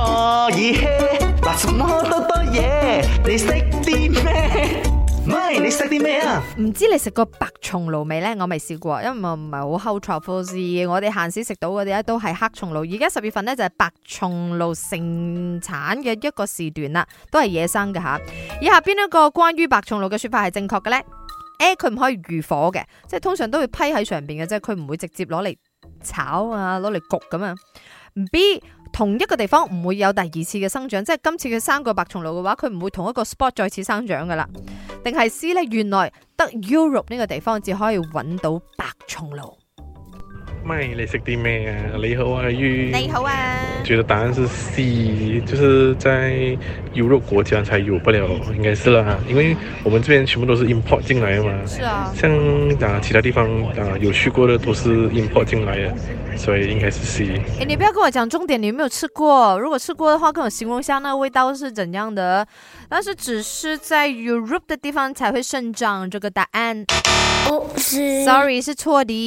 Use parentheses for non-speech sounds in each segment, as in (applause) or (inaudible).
我耳起，多嘢、哦？你識啲咩？唔係 (laughs) 你識啲咩啊？唔知你食過白松露未呢？我未試過，因為唔係好後財富。我是我哋閒時食到嗰啲咧，都係黑松露。而家十月份呢，就係白松露盛產嘅一個時段啦，都係野生嘅嚇。以下邊一個關於白松露嘅説法係正確嘅呢？A 佢唔可以遇火嘅，即係通常都會批喺上邊嘅，即係佢唔會直接攞嚟炒啊，攞嚟焗咁啊。B 同一個地方唔會有第二次嘅生長，即係今次佢生過白松露嘅話，佢唔會同一個 spot 再次生長噶啦。定係 C 咧，原來得 Europe 呢個地方至可以搵到白松露。你識啲咩啊？你好啊，玉。你好啊。覺得答案是 C，就是在 Europe 國家才有不了，應該是啦，啊，因為我們這邊全部都是 import 進來的嘛。是啊對。像啊，呃，其他地方啊，呃、有去過的都是 import 進來的，所以應該是 C。誒，欸，你不要跟我講重點，你有沒有吃過？如果吃過的話，跟我形容下，那個味道是怎樣的？但是只是在 Europe 的地方才會生長，這個答案。哦，是。Sorry，是錯的。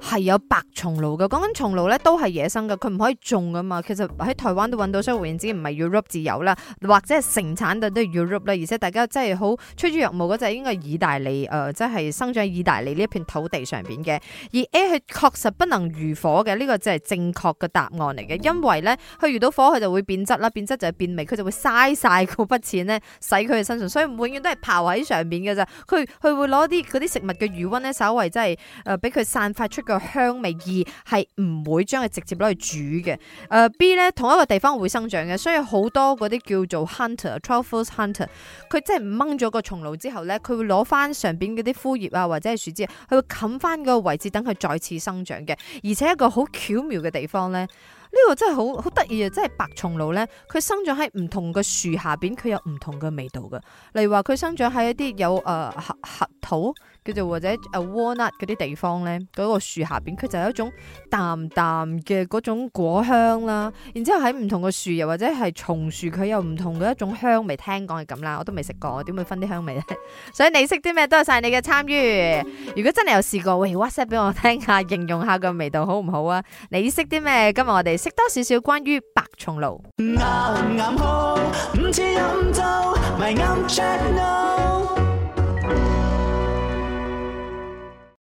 係有白松露噶，講緊松露咧都係野生噶，佢唔可以種噶嘛。其實喺台灣都搵到，所以換言之唔係 Europe 自由啦，或者係盛產都係 Europe 啦。而且大家真係好吹豬入木嗰隻，應該係意大利誒，即、呃、係生長喺意大利呢一片土地上邊嘅。而 A 係確實不能遇火嘅，呢個即係正確嘅答案嚟嘅，因為咧佢遇到火佢就會變質啦，變質就係變味，佢就會嘥晒嗰筆錢咧，使佢嘅身上，所以永遠都係刨喺上邊嘅咋。佢佢會攞啲嗰啲食物嘅餘溫咧，稍微即係誒俾佢散發出。個香味，二係唔會將佢直接攞去煮嘅。誒、呃、，B 咧同一個地方會生長嘅，所以好多嗰啲叫做 hunter, hunter、truffle hunter，佢即係掹咗個松露之後咧，佢會攞翻上邊嗰啲枯葉啊或者係樹枝，佢會冚翻嗰個位置等佢再次生長嘅。而且一個好巧妙嘅地方咧，呢、這個真係好好得意啊！真係白松露咧，佢生長喺唔同嘅樹下邊，佢有唔同嘅味道嘅。例如話佢生長喺一啲有誒、呃、核核桃。核叫做或者誒 walnut 嗰啲地方咧，嗰個樹下邊，佢就有一種淡淡嘅嗰種果香啦。然之後喺唔同嘅樹又或者係松樹，佢有唔同嘅一種香味。聽講係咁啦，我都未食過，點會分啲香味咧？所以你識啲咩？多謝曬你嘅參與。如果真係有試過，喂，WhatsApp 俾我聽下，形容下個味道好唔好啊？你識啲咩？今日我哋識多少少關於白松露。